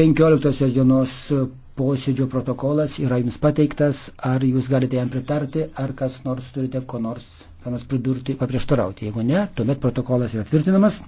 15 dienos posėdžio protokolas yra jums pateiktas, ar jūs galite jam pritarti, ar kas nors turite ko nors, ką nors pridurti, paprieštarauti. Jeigu ne, tuomet protokolas yra tvirtinamas.